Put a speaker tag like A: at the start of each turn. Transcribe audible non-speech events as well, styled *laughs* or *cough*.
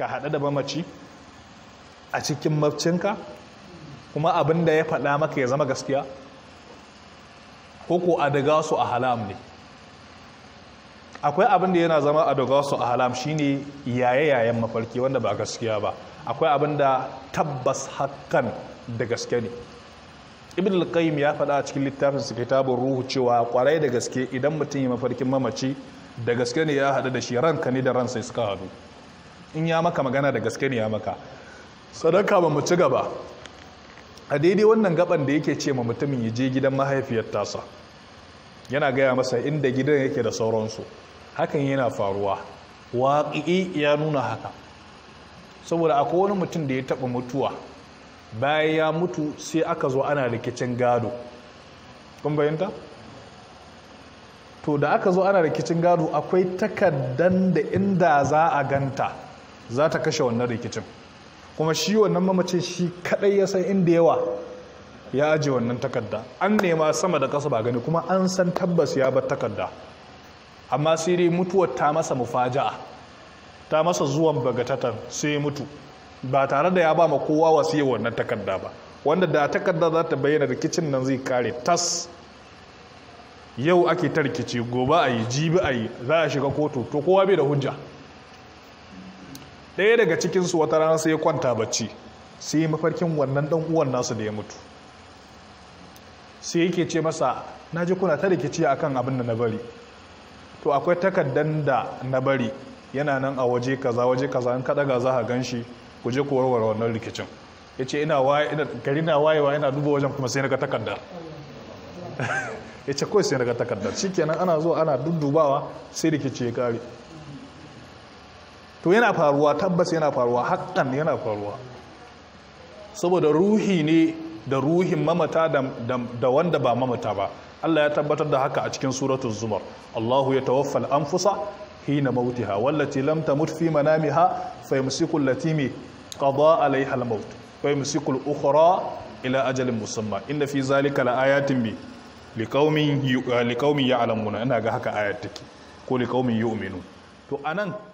A: ka haɗu da mamaci a cikin mafcinka kuma abin da ya faɗa maka ya zama gaskiya ko a daga su a halam ne akwai abin da yana zama a daga su a halam shine yaye-yayen mafarki wanda ba gaskiya ba akwai abin da tabbas hakan da gaske ne ibn al-qayyim ya faɗa a cikin littafin su kitabun ruhu cewa kwarai da gaske idan mutum ya mafarkin mamaci da gaske ne ya haɗu da shi ranka ne da ransa suka haɗu in ya maka magana da gaske ne ya maka sadaka ba mu ci gaba a daidai wannan gaban da yake ce ma mutumin ya je gidan mahaifiyar tasa yana gaya masa inda gidan yake da sauransu hakan yana faruwa waƙi ya nuna haka saboda akwai wani mutum da ya taɓa mutuwa bayan ya mutu sai aka zo ana rikicin gado kun bayanta? to da aka zo ana rikicin gado akwai takardan da inda za a ganta za ta kashe wannan rikicin kuma shi wannan mamacin shi kadai ya san inda yawa ya aje wannan takarda an nema sama da kasa ba gani kuma an san tabbas ya bar takarda amma sai dai mutuwar ta masa mufaja'a ta masa zuwan bagatatan sai mutu ba tare da ya ba ma kowa wasiyar wannan takarda ba wanda da takarda za ta bayyana rikicin nan zai kare tas yau ake ta rikici gobe a yi jibi a yi za a shiga kotu to kowa bai da hujja ɗaya daga cikinsu wata rana sai ya kwanta bacci sai mafarkin wannan ɗan uwan nasu da ya mutu sai yake ce masa na ji kuna ta rikici a kan abin da na bari to akwai takardan da na bari yana nan a waje kaza waje kaza in kaɗa za a gan shi ku je ku warware wannan rikicin ya ce ina gari na wayewa yana duba wajen kuma sai na ga takardar *laughs* ya ce kawai sai na ga takardar shikenan ana zo ana duddubawa sai rikici ya kare to yana faruwa tabbas yana faruwa haƙƙan yana faruwa saboda ruhi ne da ruhin mamata da wanda ba mamata ba Allah ya tabbatar da haka a cikin suratun zumar Allahu ya tawaffal anfusa hina mautiha wallati lam tamut fi manamiha fayumsiku allati mi qada alaiha almaut fayumsiku al-ukhra ila ajalin musamma inna fi zalika laayatin bi liqaumin liqaumin ya'lamuna ina ga haka ayat take ko liqaumin yuminu to anan